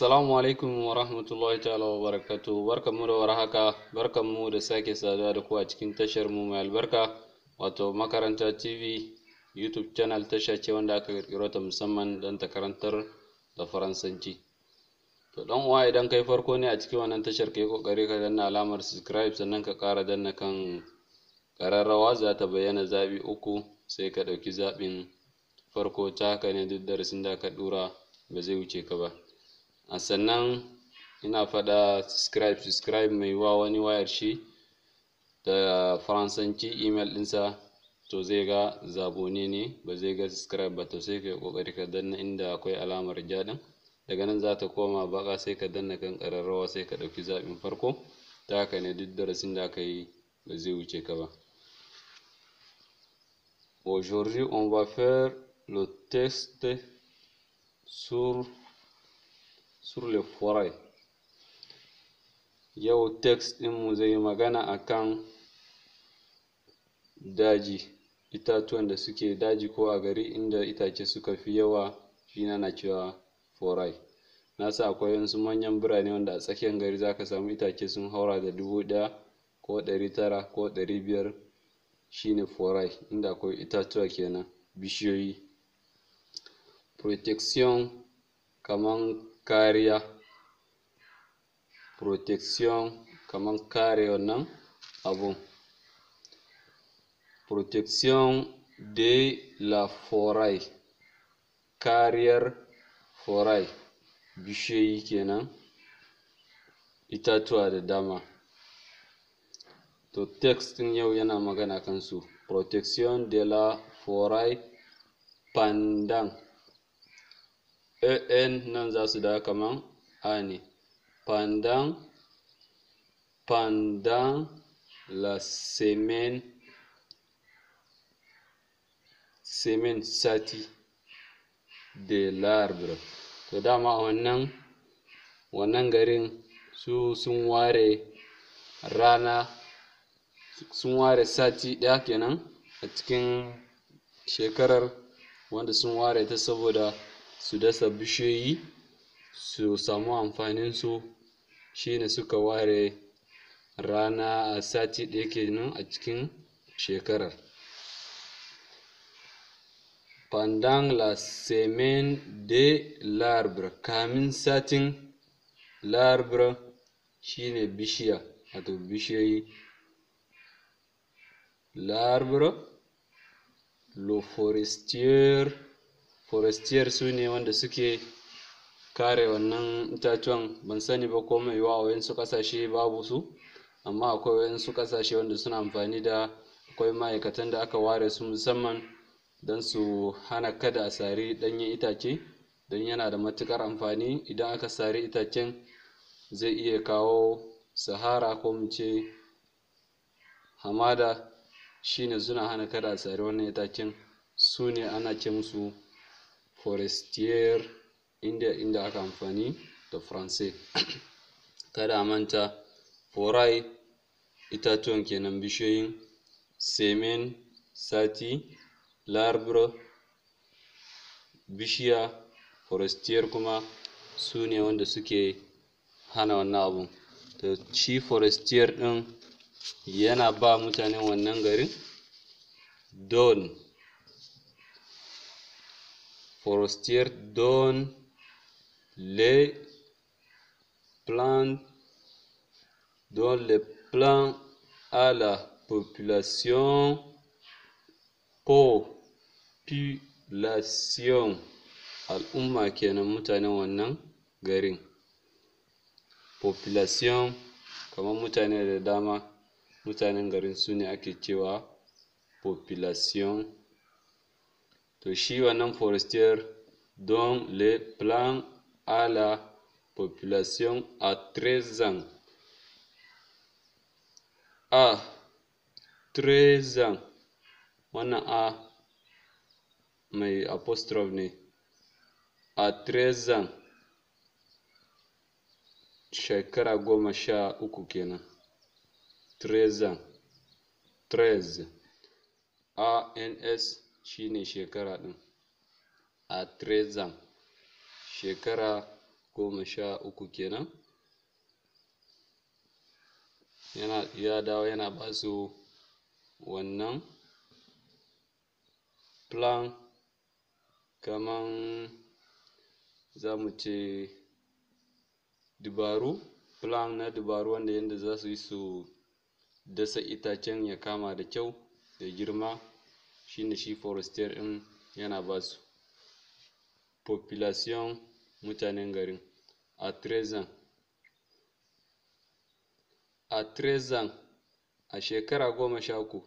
Assalamu alaikum wa rahmatullahi ta'ala wa barakatu barkanmu da warhaka barkanmu da sake saduwa da ku a cikin tashar mu mai albarka wato makaranta TV YouTube channel tasha ce wanda aka kirkiro ta musamman don ta karantar da faransanci to dan uwa idan kai farko ne a cikin wannan tashar kai kokari ka danna alamar subscribe sannan ka kara danna kan kararrawa za ta bayyana zabi uku sai ka ɗauki zaɓin farko ta haka ne duk darasin da ka ɗura ba zai wuce ka ba a sannan ina faɗa subscribe subscribe mai wa wani wayar shi da faransanci email ɗinsa to zai ga zabone ne ba zai ga subscribe ba to sai ka kokari ka danna inda akwai alamar ja daga nan za ta koma baƙa sai ka danna kan ƙararrawa sai ka ɗauki zaɓin farko ta haka ne duk darasin da aka yi ba zai wuce ka ba Aujourd'hui, on va faire le test sur sur le foray yau text ɗinmu zai yi magana akan daji itatuwan da suke daji ko a gari inda itace suka fi yawa shi ana cewa foray na sa akwai wasu manyan birane wanda a tsakiyar gari za ka samu itace sun haura da dubu ɗaya ko ɗari tara ko ɗari biyar shine foray inda akwai itatuwa kenan bishiyoyi protection kaman kariya protection kaman kare wannan abun protection de la forêt kariyar forêt bishiyoyi kenan itatuwa da dama to text ɗin yau yana magana kansu su protection de la forêt pendant an nan za su da kaman a ne pandan pandan la semen semen sati de l'arbre to dama a wannan wannan garin su sun ware rana sun ware sati ɗaya kenan a cikin shekarar wanda sun ware ta saboda su dasa bishiyoyi su samu amfanin su shine suka ware rana a sati ɗaya kenan a cikin shekarar pendant la semaine de l'arbre kamin satin l'arbre shine bishiya wato bishiyoyi l'arbre le forestier forestier su ne wanda suke kare wannan itatuwan ban sani ba ko mai yiwuwa a wayansu kasashe babu su amma akwai wayansu kasashe wanda suna amfani da akwai ma'aikatan da aka ware su musamman don su hana kada a sari ɗanyen itace don yana da matukar amfani idan aka sari itacen zai iya kawo sahara ko mu ce hamada shine suna hana kada a sari wannan itacen su ne ana ce musu forestier inda inda aka amfani da faransai kada a manta forai itatuwan kenan bishiyoyin semen sati larbre bishiya forestier kuma su ne wanda suke hana wannan abun to shi forestier ɗin yana ba mutanen wannan garin don forestières donnent les plans à la population al'umma kenan mutanen wannan garin population kamar mutane da dama mutanen garin sune ake cewa population to shi wannan forestier don le plan a la population a 13 ans a 13 ans wannan a mai apostrophe ne a 13 ans shekara goma sha uku kenan 13 ans 13 ANS shine shekara ɗin a trezam shekara goma sha uku kenan yana ya dawo yana ba su wannan plan kaman za mu ce dabaru plan na dabaru wanda yanda za su yi su dasa itacen ya kama da kyau da girma shine shi forester ɗin yana basu population mutanen garin a trezan a trezan a shekara goma sha uku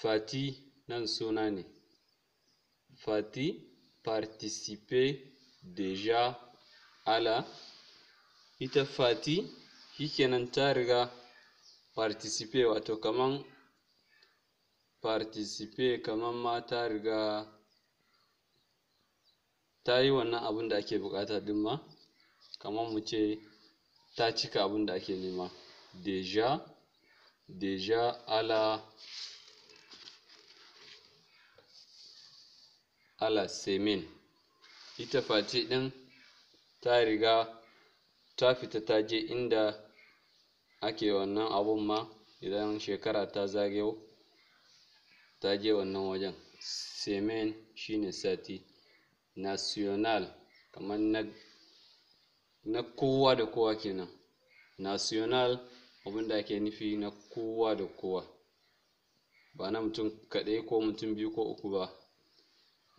fati nan suna ne fati participe deja ala ita fati shikenan ta riga participe wato kaman participe kamar ma ta riga ta yi wannan abin da ake bukata ɗin ma kaman mu ce ta cika abin da ake nema deja deja ala ala ita face ɗin ta riga ta fita ta je inda ake wannan abun ma idan shekara ta zagayo ta je wannan wajen semen shine sati national kamar na na kowa da kowa kenan national abinda ake nufi na kowa da kowa ba na mutum kaɗai ko mutum biyu ko uku ba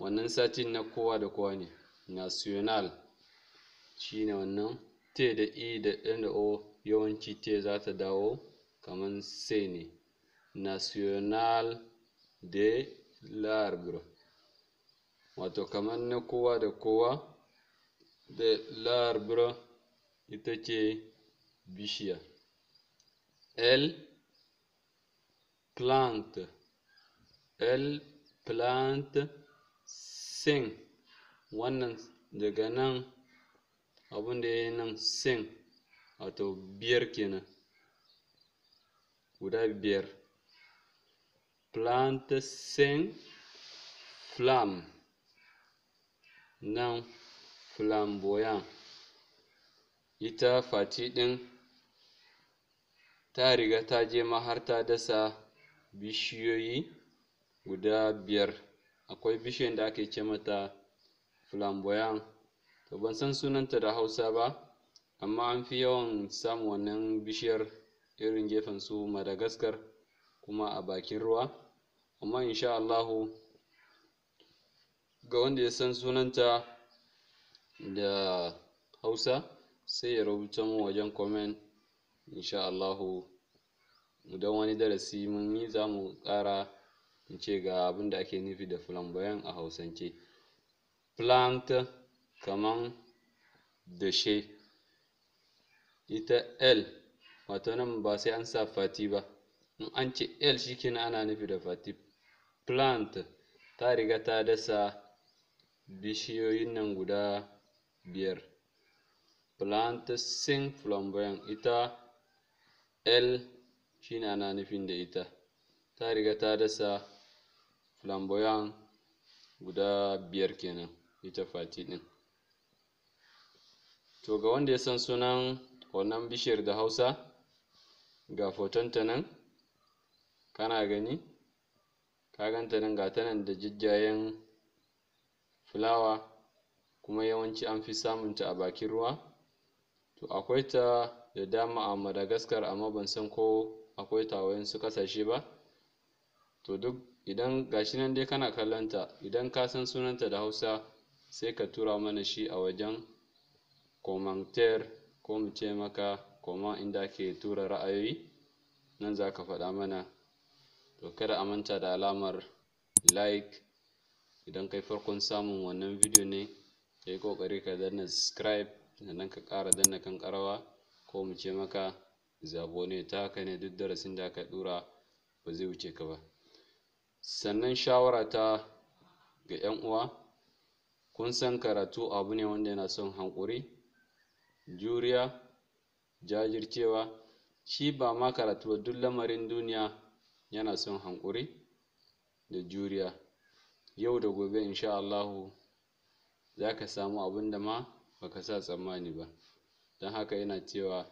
wannan satin na kowa da kowa ne national shine wannan t da e da n da o yawanci t za ta dawo kamar sai ne national de larbro, wato kamar na kowa da kowa da larbro ita ce bishiya El plant elle plant sing wannan daga nan abin da ya nan sing wato biyar kenan guda biyar plantas sem flam nan flamboyant ita fati ɗin ta riga ta je ma har ta dasa bishiyoyi guda biyar akwai bishiyan da ake ce mata flamboyant to ban san sunanta da hausa ba amma an fi yawan samun wannan bishiyar irin gefen su madagascar kuma a bakin ruwa amma insha Allahu ga wanda ya san sunanta da Hausa sai ya rubuta mu wajen comment insha Allahu dan wani darasi mun yi za mu ƙara in ce ga abin da ake nufi da flamboyant a Hausance plant kaman dashe ita L wato nan ba sai an sa fati ba in an ce L shikenan ana nufi da fati plant ta riga ta dasa bishiyoyin nan guda biyar plant sing flamboyant ita L shine ana nufin da ita ta riga ta dasa flamboyant guda biyar kenan ita Fati ɗin to ga wanda ya san sunan wannan bishiyar da Hausa ga ta nan kana gani ka ganta nan ga ta nan da jajjayen fulawa kuma yawanci an fi samun ta a bakin ruwa to akwai ta da dama a madagaskar amma ban san ko akwai ta a wasu ƙasashe ba to duk idan gashi nan dai kana kallon ta idan ka san sunanta da Hausa sai ka tura mana shi a wajen komantar ko mu ce maka koma inda ake tura ra'ayoyi nan za ka faɗa mana to kada a manta da alamar like idan kai farkon samun wannan video ne ka yi ƙoƙari ka danna subscribe sannan ka ƙara danna kan karawa ko mu ce maka zabo ne ta haka ne duk darasin da ka ɗora ba zai wuce ka ba sannan shawara ta ga 'yan uwa kun san karatu abu ne wanda yana son hankuri juriya jajircewa shi ba ma karatu ba duk lamarin duniya yana son hankuri da juriya yau da gobe insha Allahu za ka samu abin da ma baka sa tsammani ba don haka yana cewa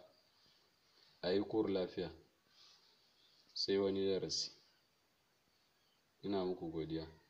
a yi kur lafiya sai wani darasi ina muku godiya